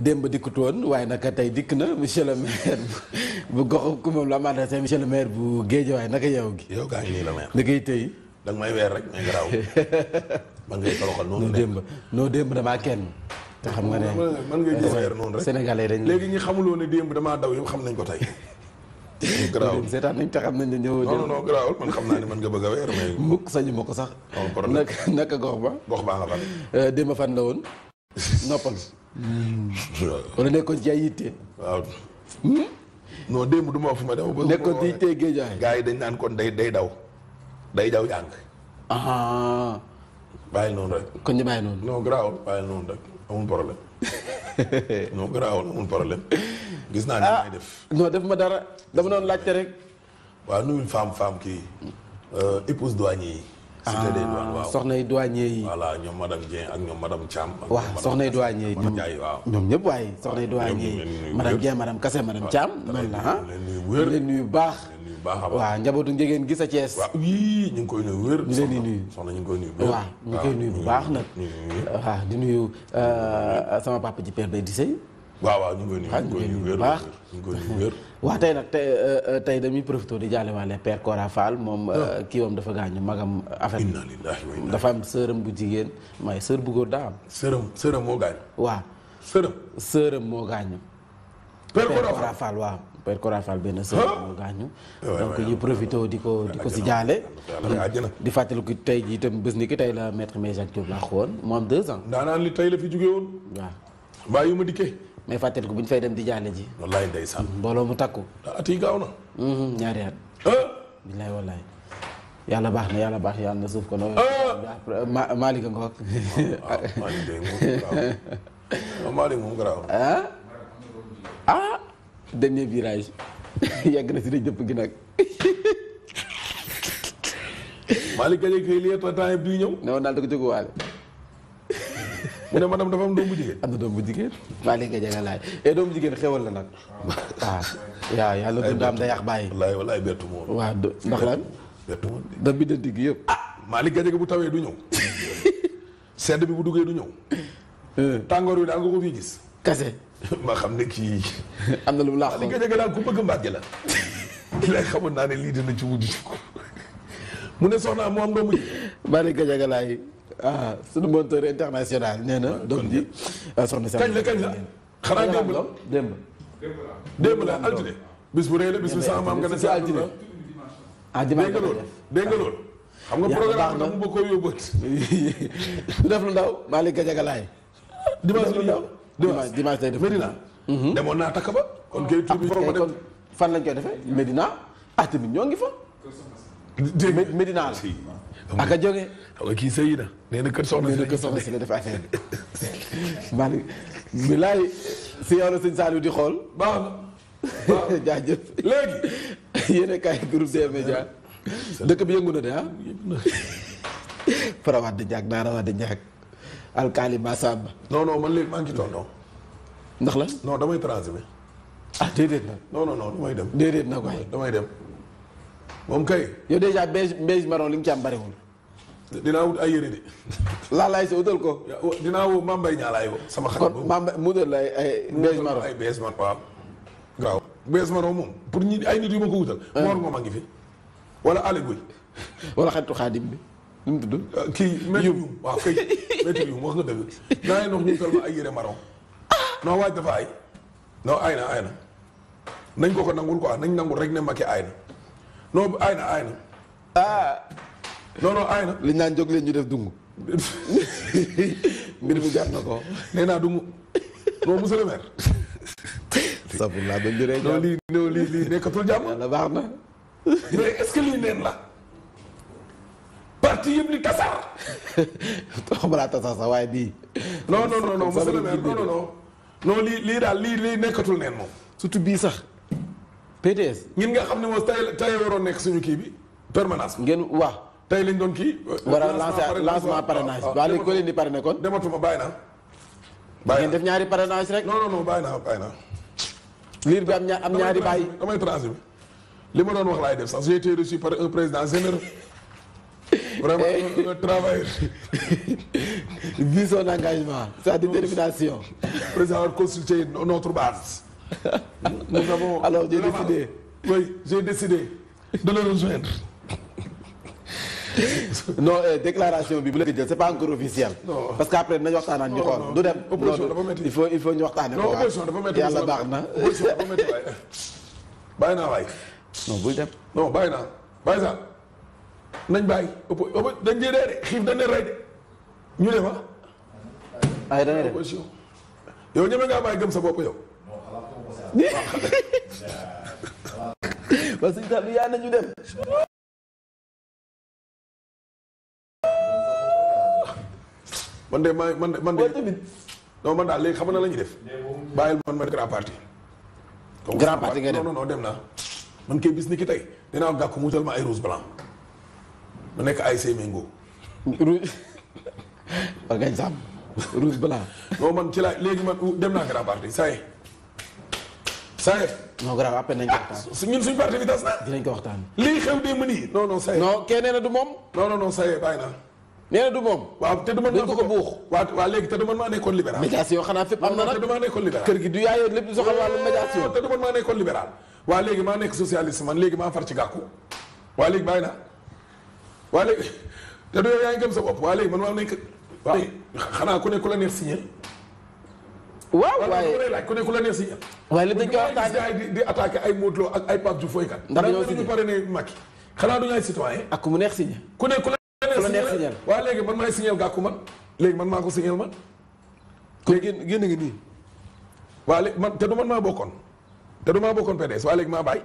démb dikkut woon waaye naka tey dikk na monsieur le maire bu goxu ku moom la ma adressé monsieur le maire bu Guédiawaye naka yow gi. yow gaa ngi nii la maire. da ngay tey. da nga noo démb damaa kenn. te xam nga ne man ngay gis weer noonu rek Sénégalais dañ léegi ñi xamuloo xam nañ ko tey. garaawul seetaan nañ te xam nañ ne ñëw. non non garaawul man xam naa ne man nga bëgg a weer mais. mukk sañu ma ko sax. naka gox ba. gox ba nga fan. Euh, démb fan la woon noppal. Mm. wala nekkoon ci ay yitte. waaw. Hmm? non démb du ma fu ma dem. nekkoon ci yitte géejaay. gars yi dañ naan kon day day daw day daw jàng. Ah. bàyyi noonu rek. kon ñu bàyyi noonu. non garaawul bàyyi noonu problème non garaawul amul problème. gis naa ne ah. may def. non def ma dara dama doon laajte rek. waaw nuyul femme femme kii euh, épouse douanier yi. cité des ah, douanes waaw soxnay douanier yi. voilà ñoom madame Dieng ak ñoom madame Thiam. ak ñoom madame soxnay douanier yi ñoom ñëpp waaye soxnay douanier yi madame Dieng madame Kassé madame Thiam. noonu la ah. leen nuyu baax. baax a baax waaw njabootu njegeen gis a Thiès. waaw ñu ngi koy nuyu wér. ñu leen nuyu soxna ñu ngi koy nuyu. waaw bu baax nag. waaw di nuyu euh, sama papa ji Père Baye Dissé. waaw waaw ñu ngi baax ñu ngi koy tey nag tey euh, euh, tey dañuy profité di jaale waale père Cora Fall moom ah. euh, kii wam dafa gaañu magam affaire inna dafa am sëram bu jigéen may sër bu góor daa am sëram sëram moo gaañu waaw sëram sëram moo gaañu benn sër ah. moo gaañu eh, donc ñu profité di ko di ko si jaale di fàttaliku tey ji tam bés ni ki tey la maître Mbaye Jacques Diop laa xoon moo am deux ans daanaan li tey la fi jóge woon waaw mbaa ma dikkee mais fàttali ko bu ñu fay dem di jaale ji. wallaay ndeysaan. mbooloo mu takku. Ah, mm-hmm, at yi gaaw yàlla baax na yàlla baax na yàlla na suuf ko. ma Malick ah, ah, moom garaaw. ah. ah. dernier ñëw. ne woon naa da ko jóguwaale. mu ne maanaam dafa am doom bu jigéen. am na doom bu jigéen. waa léegi nga jagalaay et eh, doom bu jigéen xewal la nag. waaw ah. waaw yàlla dundaam da yàq bàyyi. wallaay wallaay bettu ma woon. waaw ndax lan. bettu de. dab bi dëdd gi yëpp. ah Malick Gadiaga bu tawee du ñëw. sedd bi bu duggee du ñëw. Eh. tàngoor bi daal nga ko fi gis. kase. ma xam ne kii. am na lu mu laax Malick Gadiaga daal ku bëgg mbàgge la. naa ne lii ci mujj. ah sunu monteur international nee na. doom ji ah, soxna Sane. kañ la kañ la xanaa la démb. la altine. bis bu rëy la bis bu si altine. ah dimanche dégg nga loolu dégg nga loolu. xam nga programme nag mu bëgg koo yóbbuwaat. lay def Medina. Mhm. demoon naa takk ba. kon kay tuuti borom dem fan lañ koy defee Medina. ah tamit ñoo ngi fa. Medina la. ak a jógee. kii sëy na nee na kër soxna si nee na kër soxna si la def affaire bi. Malick si yow la di xool. baax na jaajëf léegi. yéen kaay groupe des médias. dëkk bi yëngu na de ah. yëngu na Farawaat di ñaag Naarawaat di ñaag. alkaali Massamba. non non man léegi maa ngi tonton. ndax la non damay transmettre. ah déedéet na non non non damay dem. déedéet na ko damay dem. moom kay. yow dèjà beige beige marron li nga ci am bariwul. dinaa wut ay yére de. laalaay sa utal ko. dinaa woo Mame Mbaye ay woo. sama xarit boobu kon Mame Mbaye mu ay beige marron ay beige marron waaw. waaw moom pour ñi ay nit yu ma ko wutal. Ah. Mor moom a ngi fi. wala Aliou Guèye. wala bi. nu tudd. Ah, kii maître wax nga dëgg naa leen wax ñu utal ma ay yére marron. non waaj dafa ay. non ay na nañ ko ko nangul quoi nañ nangul rek ne Macky ay na. non ay na ay li ñu naan jóg leen ñu def dungu. mbir mi jar na ko. nee naa dungu non monsieur le maire. sabula ba njuree jàmm non lii non lii nekkatul jàmm. yàlla baax na. mais ce que lii neen la. parti yëpp ni waaye bii. non non non monsieur le maire lii lii daal lii lii nekkatul neen moom. surtout bii sax. PDS ñun nga xam ne moom tay tay waroon nekk suñu kii bi permanence ngeen wax tay lañ doon kii euh, war a lancer lancement parrainage waa léegi ko leen di parrainé kon dematuma bàyyi naa bàyyi ngeen def ñaari parrainage rek non non non bàyyi naa bàyyi naa liir bi am ña am ñaari bàyyi damay bi li ma doon wax laay def sax j'ai été reçu par un président généreux vraiment eh. un travailleur vu son engagement sa détermination président war consulter notre base nous avons alors j'ai eh, déclaration bi bu leen di jël c'est pas encore officiel. parce que après nañu waxtaan ak xool du dem. il faut il faut ñu waxtaane ko yàlla baax na. opposition dafa dem. non bàyyi naa nañ bàyyi opo dañ jëlee de xiif dañ ne rey de ñu ne ma. ay da ngay dem yow ñeme ngaa bàyyi gëm sa bopp yow. ba sëñ man de man de man de non man daal léegi xam na la def bàyyil man ma grand parti. grand parti nga dem non non dem naa. man kay bis ni ki tey dinaa gàkku mu wutal ma ay rouge blanc mu nekk ay Mengo. rouge blanc. non man ci la léegi man dem naa grand parti saa yi. Saër. non grave après nañ ko waxtaan. Ah, su ñun suñu parti bi tas na. ko waxtaan. lii xew dee ma nii. non non Saër. non kee nee na du moom. non non non Saër bàyyi naa. nee na du moom. waaw te du man maa ko na nag te du man maa kër gi du yaayoo lépp soxal wàllu eh, waa léegi maa nekk socialiste man léegi maa far ci gàkku. waa léegi bàyyi naa. waa léegi te du yow yaa sa bopp waa léegi man maa nekk. xanaa ku nekk ku la neex signé waaw waaye ku ne ku la neex si ñam waaye lépp dañ koy waxtaanee di attaqué ay Modou ak ay Pape Diouf fooy kan ndax ñoo signé pare ne Macky du ñu ay citoyen ak ku neex signé ku ne a la neex signé waaw léegi man maay signé gàkku man léegi man maa ko signé man ko génn gi nga nii waaw léegi man te du man maa bokkoon te du maa bokkoon PDS waaye léegi maa bàyyi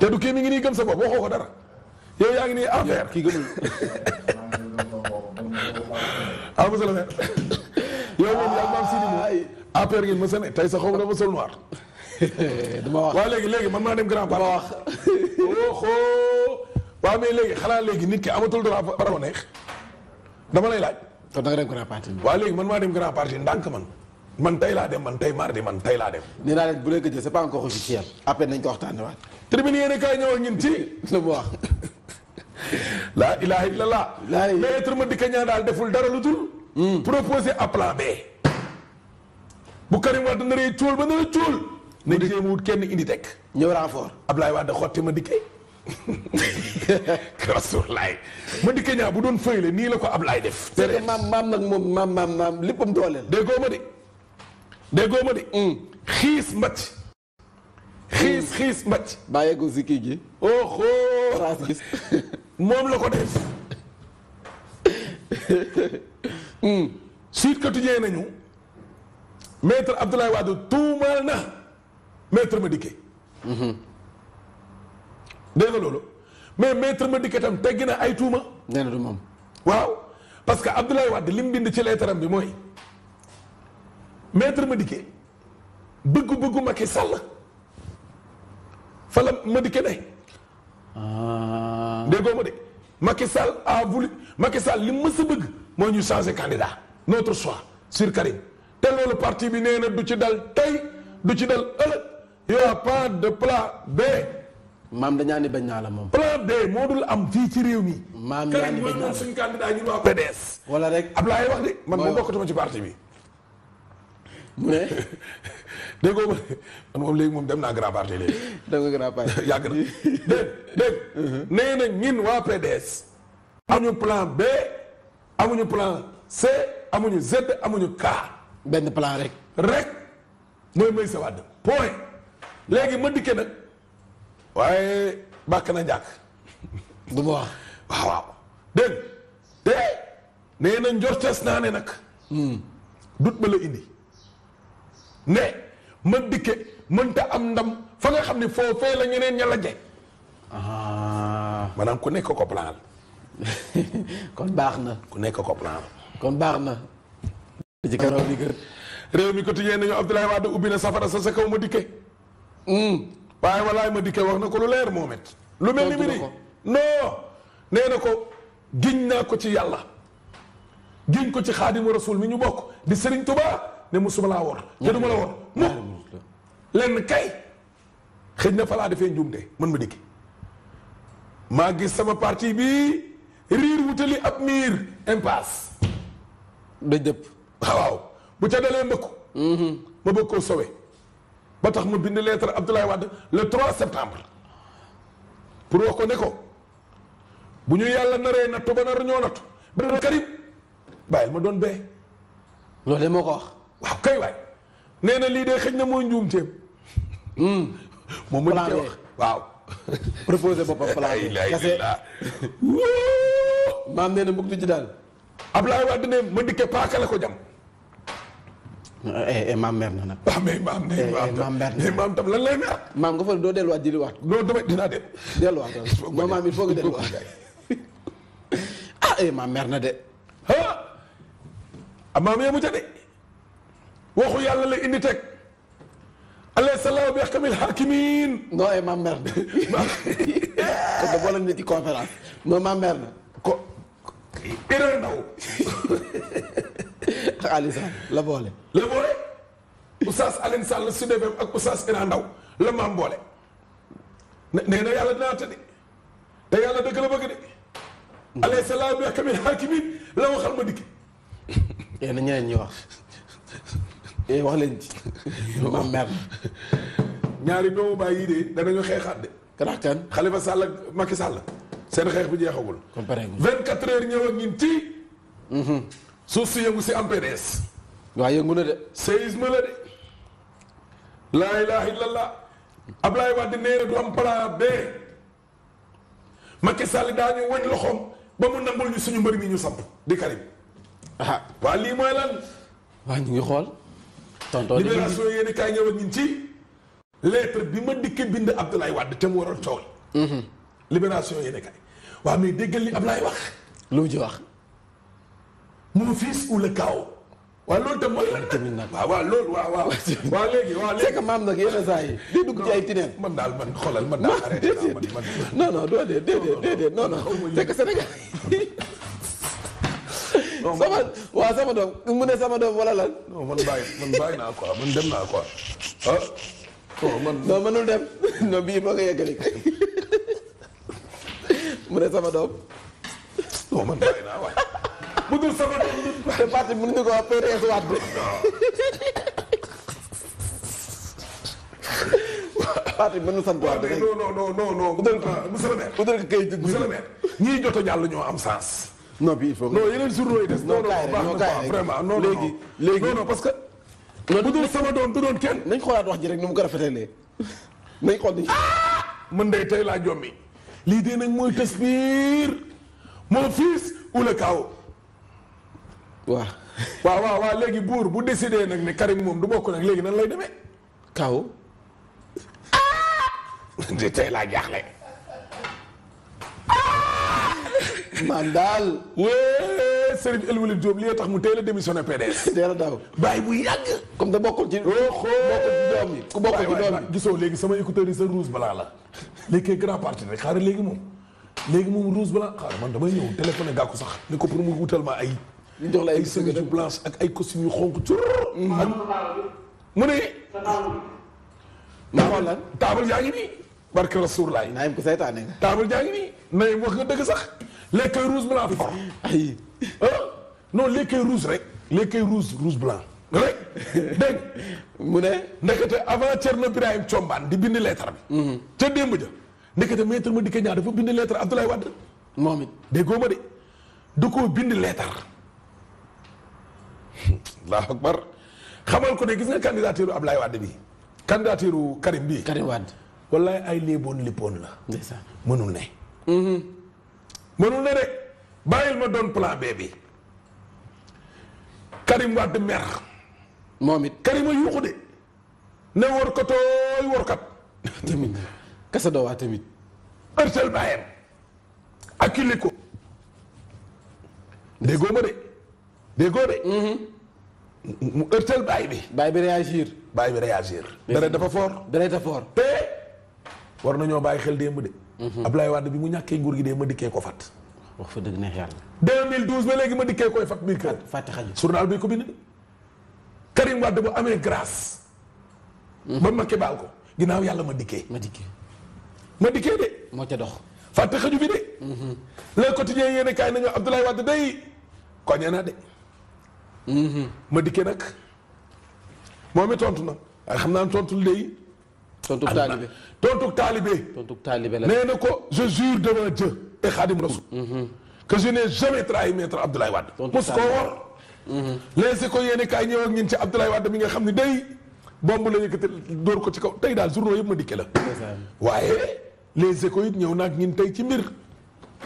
te du kii mi ngi nii gëm sa bopp waxoo ko dara yow yaa ngi nii affaire kii gëmul ah monsieur le maire affaire ngeen ma sa ne sa xaw dafa sol noir. léegi léegi man maa dem grand parti. xanaa léegi nit ki amatul dara raw neex dama lay laaj. kon da nga dem léegi man maa dem grand ndànk man. man tey laa dem tey mardi man tey laa dem. nee naa bu leen ko jël c'est pas encore officiel. après nañ ko waxtaanewaat. tribune a kaay ñëw ak ñun ci. lu mu wax. laa ilaaha illallah. laa ilaaha illallah maître Madické Niang daal deful dara lu dul. Hmm. proposer à plan bu Karim Wade naree cóol ba nara cóol na jéem wut kenn indi teg ñëw renfort Ablaye Wade xotti ma dikkee rasulaay ma dikkee ñaa bu doon fëy nii la ko Ablaye def te maam maam nag moom maam maam maam léppam dooleel déggoo ma de déggoo ma de mm. xiis mbac xiis mm. xiis mbac bàyyee si kii gi oho moom la ko def siit ka tujee nañu maître Abdoulaye Wade tuumaal na maître Madické. dégg nga loolu mais maître Madické tam teggi na ay tuuma. moom. waaw parce que Abdoulaye Wade li mu bind ci leetaram bi mooy maître Madické bëgg-bëggu Macky Sall fa la Madické ne. Ah. déggoo ma de Macky Sall a voulu Macky Sall li mu mës a bëgg moo ñu changer candidat notre choix sur Karim. te loolu parti bi nee na du ci dal tey du ci dal ëllëg y a pas de plan B. maam dañaa ni bañ naa la moom. plan B moo dul am fii ci réew mi. maam yaa ni bañ naa la suñu candidat ñu waa PDS. wala rek Ablaye wax de man moom bokkatuma moom léegi moom dem naa grand parti léegi. dem nga grand parti yàgg na dégg dégg. nee na ñin waa PDS. amuñu plan B amuñu plan C amuñu Z amuñu benn plan rek. rek mooy Meïssa Wade point léegi ma dikkee nag waaye bàkk na njàkk. du ma wax waaw waaw dégg nee na njortes naa ne nag. Hmm. dut ba la indi. ne man dikke mënta am ndam fa nga xam ne foofee la ñeneen ña la je. Ah. maanaam ku nekk ko plan. kon baax na. ku nekk ko plan. kon baax na. ci kanam réew mi quotidien nañu Abdoulaye Wade ubbi na safara sa sa kaw ma dikke hmm. waaye walaay ma dikke wax na ko lu leer moomet lu mel ni mi di non nee na ko giñ naa ko ci yàlla giñ ko ci xaadimu rasul mi ñu bokk di Serigne Touba ne musuma laa wor te duma la wor mu lenn kay xëj na falaa defee njuum de man ma dikke maa gis sama parti bi riir wutali ab miir impasse da jëpp waaw bu ca dalee mbëkku mhm. ma bëgg koo sowe ba tax ma bind lettre Abdoulaye Wade le trois septembre pour wax ko ne bu ñu yàlla naree nattu ba nar ñoo nattu beneen Karim bàyyil ma doon bee loolu moo ko wax waaw kay waay nee na lii de xëj na mooy njuumteem hmm. moom ma di wax waaw proposé boppam plan kase maam nee na mbugtu ci daal Abdoulaye Wade ne ma dikkee paaka la ko jam Eh, eh maam mer na nag. Ah, maam nee eh, eh, na maam tam lan maam nga na ah, maam yemu na. te da nit ci conférence. non maam mer na. ko. erreur ndaw. Aliou la boole. la boole Oustaz Alioune Sall Sud FM ak Oustaz Iran Ndaw la maam boole nee na yàlla dinaa de te yàlla dëgg la bëgg de. alayhi salaam bi ak min la waxal ma dikk. yéen a ñeneen wax wax leen ci ñaari doomu baay yii de danañu xeexaat de. kan kan Khalifa Sall ak Macky Sall seen xeex bu jeexagul. ko vingt quatre heures ñëw ak ñun ci. Mhm. suuf si yëngu si am PDS. waaw yëngu na de. séisme la de. laa ilaha illallah. Ablaye Wade nee na du am plan B. Macky Sall daañu wëñ loxoom ba mu nangul ñu suñu mbër mi ñu samp di Karim. ah waa lii mooy lan. waa ñu ngi xool. tonton libération yéen a kaay ñëw ak ñun ci. lettre bi ma dikkee bind Abdoulaye Wade te mu waroon coow. Mhm. libération yéen a kaay. waa mais déggal li Ablaye wax. lu mu ci wax. mon fils ou le chaos. waaw loolu mooy lan tamit nag waaw waaw loolu waaw léegi waaw léegi c'est maam nag yenn saa yi. di dugg ci ay tineen. man daal man xoolal man daal arrêté naa man man. non non doo dee déedéet déedéet non non. c'est que sama waaw sama doom mu ne sama doom wala lan. non man bàyyi naa ko man dem naa quoi ah. bon man dem non bii moo koy yeggali mu ne sama doom. non man bàyyi naa waay. bu dul sama doom. te parti mën nañu ko wax PDS waat bi. parti mën na sant am sens. non bi il faut que non yeneen journaux léegi léegi non non parce que. bu dul sama doon kenn. nañ xoolaat wax ji rek ni mu ko rafetalee. nañ xool ni ah! mën day tey laa jommi lii dee nag mooy tasbir mon fils ou le chaos waaw waaw waaw waaw léegi buur bu décidé nag ne Karim moom du bokk nag léegi nan lay demee kaw de ah! tey laa jaaxle ah! man daal wee Serigne El Walid Diop li tax mu teel a a daaw bàyyi bu yàgg comme da bokkul ci bokkul ci doom yi ku gisoo léegi sama écouteur yi sa rouge balaa la léegi kay grand parti rek xaaral léegi moom léegi moom rouge balaa xaaral man damay ñëw téléphoné gàkku sax ni ko pour mu wutal ma ay ñu jox la ay chemise yu blanche ak ay costume yu xonk tur. mu ne. taabal lan taabal yaa ngi nii. barke Rasulullah. naayam ko saytaane taabal yaa ngi nii. wax nga dëgg sax. lekk rouge blanc for. ay ah? non rek. lekk rouge rouge blanc. rek dégg mu ne. ndekete avant na Birahim Thiombane di bind lettre bi. Mhm. ca démb ja. ndekete maître Madické Niang dafa bind lettre Abdoulaye Wade. moom it déggoo ma de. da koo bind lettre. allahu akbar xamal ko ne gis nga candidature Ablaye Wade bi candidature Karim bi Karim Wade wallaay ay léeboon lippoon la mënul ne mm-hmm. mënul ne rek bàyyil ma doon plan B Karim Wade mer moom it Karim a yuuxu de ne wor ko tamit kasa waa tamit ërtël bàyyam ak killi ko déggoo ma de déggoo de. Mm-hmm. mu ërtal baay bi. baay bi réagir. baay bi réagir. deret dafa fort. deret dafa fort te. war nañoo bàyyi xel démb de. Mm-hmm. Abdoulaye Wade bi mu ñàkkee nguur gi de ma dikkee ko fat wax fa dëgg neex yàlla. ma dikkee koy fat biir kër. fàtte xaju bi ko bind. Karim Wade bu amee grâce. Mm-hmm. ba Macky baal ko ginnaaw yàlla ma dikkee. ma dikkee. ma dikkee de. moo ca dox. fàtte xaju bi de. le quotidien yéen a kaay nañu Abdoulaye Wade day koñe na de. Mm-hmm. ma dikkee nag moom tontu na waaye xam naa tontu léegi. tontu taalibe tontu taalibe. tontu taalibe la nee na ko je jure devant Dieu et Khadim Rasoul. Mm-hmm. que je n'ai jamais trahi maître Abdoulaye Wade. tontu taalibe mos koo war. les écoles yéen kaay ñëw ak ñun ci Abdoulaye Wade bi nga xam ne day bomb la yëkkati dóor ko ci kaw tey daal journaux yëpp ma dikkee la. waaye les écoles it ñëw naa ak ñun tey ci mbir.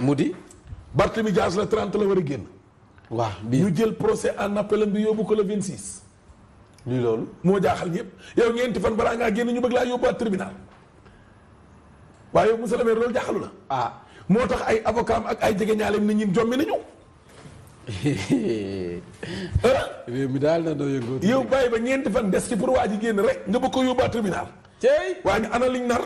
mu di. Barthélemy Dias la trent la war a génn. waaw bii ñu jël procès en appel bi yóbbu ko le 26. lii loolu. moo jaaxal ñëpp yow ñeenti fan balaa ngaa génn ñu bëgg laa yóbbuwaat tribunal waaye yow monsieur le maire loolu jaaxalu la. ah moo tax ay avocat ak ay jegeñaaleem na ñi jommi nañu. réew mi daal na doo yëngu. yow bàyyi ba ñeenti fan des ci pour waa ji génn rek nga bëgg ko yóbbuwaat tribunal. tey waa ñu ana ñu nar.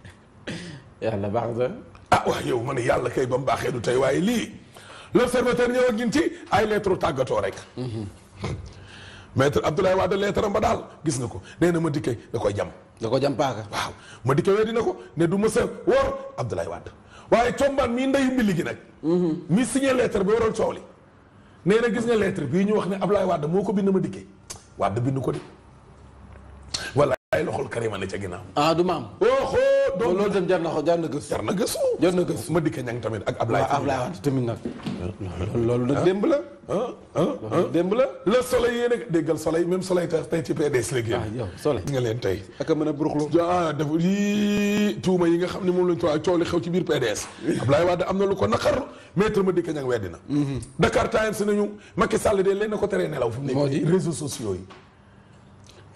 yàlla baax na. ah waaw yow ma ne yàlla kay ba mu baaxee du tey waaye lii. l'observateur ñëw ak ñun ay lettre tàggatoo rek. maître Abdoulaye Wade lettre am ba daal gis nga ko nee na ma dikkee da ko jam. da ko jam paaka. waaw ma dikkee weddi na ko ne du ma sa woor Abdoulaye Wade waaye combaan mii ndeyu mbili gi nag. Mhm. mi signé lettre bi waroon coow li. nee na gis nga lettre bii ñu wax ne Abdoulaye Wade moo ko bind ma dikkee Wade bind ko de. wala ay loxol Karima ne ca ginnaaw. ah du ma am. donc loolu dem jar na ko jar na gëstu. jar na gëstu jar na gëstu ma dikkee ñang tamit ak Ablaye. waaw Ablaye Wade tamit nag. loolu ah. ah, ah, nag démb la. la. soleil yéen a déggal soleil même soleil tey PDS léegi. waaw nga leen tey. ak a mën a buruxlu. ah dafa yii tuuma yi nga xam ne moom lañ too coow li xew ci biir PDS. Ablaye Wade am na lu ko naqar maître ma dikkee ñang weddi na. Mm-hmm. Dakar Times nañu Macky Sall de leen na ko teree nelaw. fu mu nekk réseaux sociaux yi.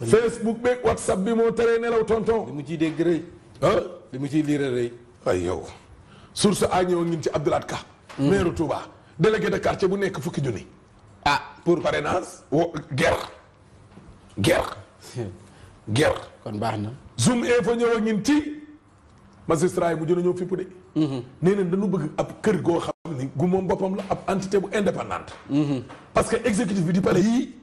Facebook beeg WhatsApp bi moo teree nelaw tonton. li mu ciy dégg rëy. ah li mu ci liire rëy waaye yow source a ñëw ngin ci Abdoulaye Ka hmm. maire Touba délégué de quartier bu nekk fukki junni ah pour parrainage wo guerre guerre hmm. guerre kon baax na zoom info ñëw a ngin ci magistrat yi mu jën a ñëw fippu de hmm. nee nañ dañu bëgg ab kër goo xam ni gu moom boppam la ab entité bu indépendante parce que exécutif di pale yii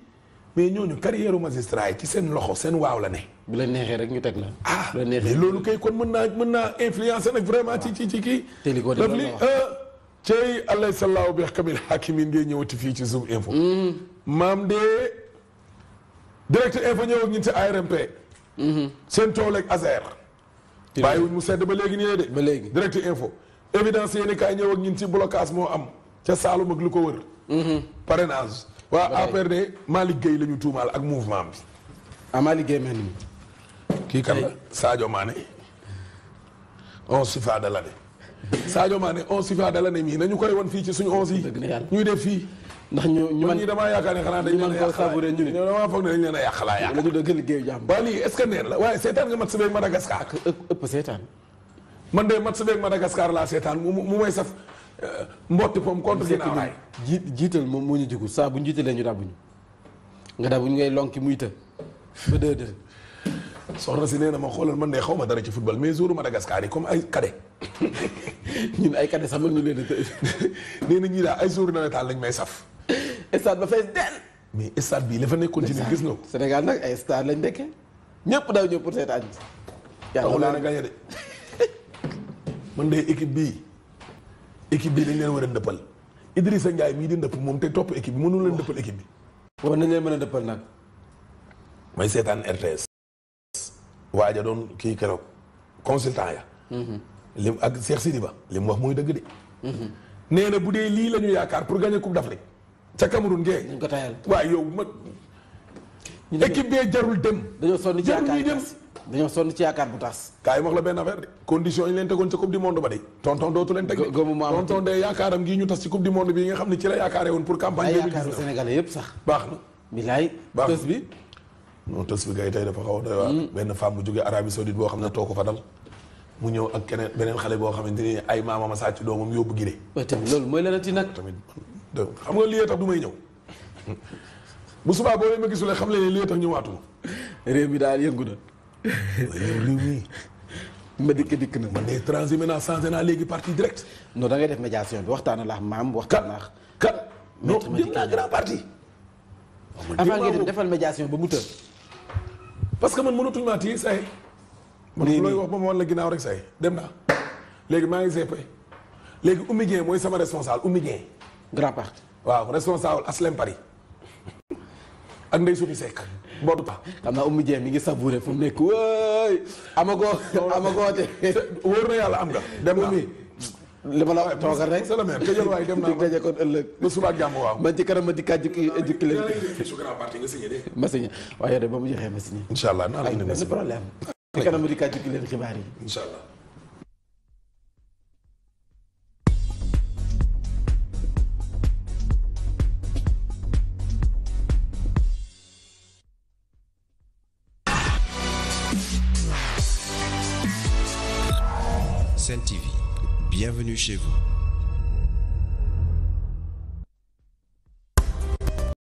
mais ñooñu carrière magistrat yi ci seen loxo seen waaw la ne. bu la neexee rek ñu teg na ah mais loolu kay kon mën naa mën naa influencer nag vraiment ci ci ci kii. te li ko def li euh, cey alay salaahu bi xabil hakimin ngay ñëwati fii ci Zoom info. Mm. maam de direct info ñëw ak ñun ci ARMP. Mm-hmm. seen tool ak ASER. bàyyiwuñ mu sedd ba léegi nii ba léegi direct info. évidence yéen kaay ñëw ak ñun ci blocage moo am ca Saalum ak lu ko wër. Mm-hmm. parrainage. waaw affaire de Malick Gueye la ñu tuumaal ak mouvement bi. ah Malick Gueye mel ni. kii kan la Sadio Mané onze FIFA de l'année Sadio Mané onze FIFA nañu koy won fii ci suñu onze yi. ñuy def fii. ndax ñu ñu man ñii damaa yaakaar ne xanaa dañu leen a yàq laay ñu ne damaa foog ne dañu leen a yàq la waaye seetaan nga mat si beeg Madagascar. man de sa beeg Madagascar laa seetaan mu mu may saf eh, mbotti pom contre ginnaaw raay ji jiital moom moo ñu jigu saa bu ñu jiitalee ñu dàbbuñu nga dàbbuñu ngay lonki muy të ba si nee na ma xoolal man de xaw ma dara ci football mais jouru Madagascar yi comme ay cadet ñun ay cadet sax ñu leen a tëj ñii daal ay jouru nawetaan lañ may saf stade ba fees dell bii la fa nekkoon gis nga ko Sénégal nag lañ nekkee ñëpp daaw ñëw pour seetaan man de équipe leen war a ndëppal Idrissa Ndiaye mii di ndëpp moom te topp équipe bi mënul leen ndëppal équipe bi. waaw nañ leen mën a ndëppal nag. may seetaan doon kii keroog consultant ya. Mhm. lim ak Cheikh Sidi Ba li mu wax mooy dëgg de. Mhm. nee na bu dee lii la ñu yaakaar pour gagner coupe d'Afrique ca Cameroun ngee. dañ ko yow ma. équipe bee jarul dem. jarul ñuy dem. dañoo sonn ci yaakaar bu tas. kaay yi wax la benn affaire de condition yi leen tegoon ca coupe du monde ba de tonton dootu leen de yaakaaram gi ñu tas ci coupe du monde bi nga xam ne ci la yaakaaree woon pour campagne yaakaaru sénégalais yëpp sax baax na bi non a doy hmm. boo xam ne too ko fa mu ñëw ak keneen beneen xale boo xamante ni ay maamam a sàcc doomam yóbbu gide tamit loolu mooy leneen ci nag tamit xam nga lii tax du may ñëw bu subaa boo leen ma gisulee xam leen lii tax ñëwaatuma réew mi daal yëngu na ma dikk dikk na man de transhumé naa changé naa léegi parti direct. non da def médiation bi waxtaan la maam waxtaan naa. kan non jël naa grand parti. avant ngeen defal médiation ba mu tëb. parce que man mënatuñu maa téye say. man looy wax ba ma wan la ginnaaw rek say dem naa. léegi maa ngi CP léegi Oumy mooy sama responsable Oumy Dieng. grand parti waaw responsable Aslem Paris ak Ndeye Soumi Seck. boobu xam naa Oumy Dieng mi ngi savouré fu mu nekk wëy amagoo amagoo te. wóor na yàlla am nga. dem na li ma la toogal rek c'est le maire tëjal waaye dem naa daje kon ëllëg ba suba waaye de ba mu joxee ma signé incha allah naa la indi ma problème ci kanam ma dikkaat jukki leen xibaar yi Sen TV. Bienvenue chez vous.